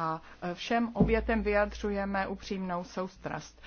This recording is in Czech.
a všem obětem vyjadřujeme upřímnou soustrast.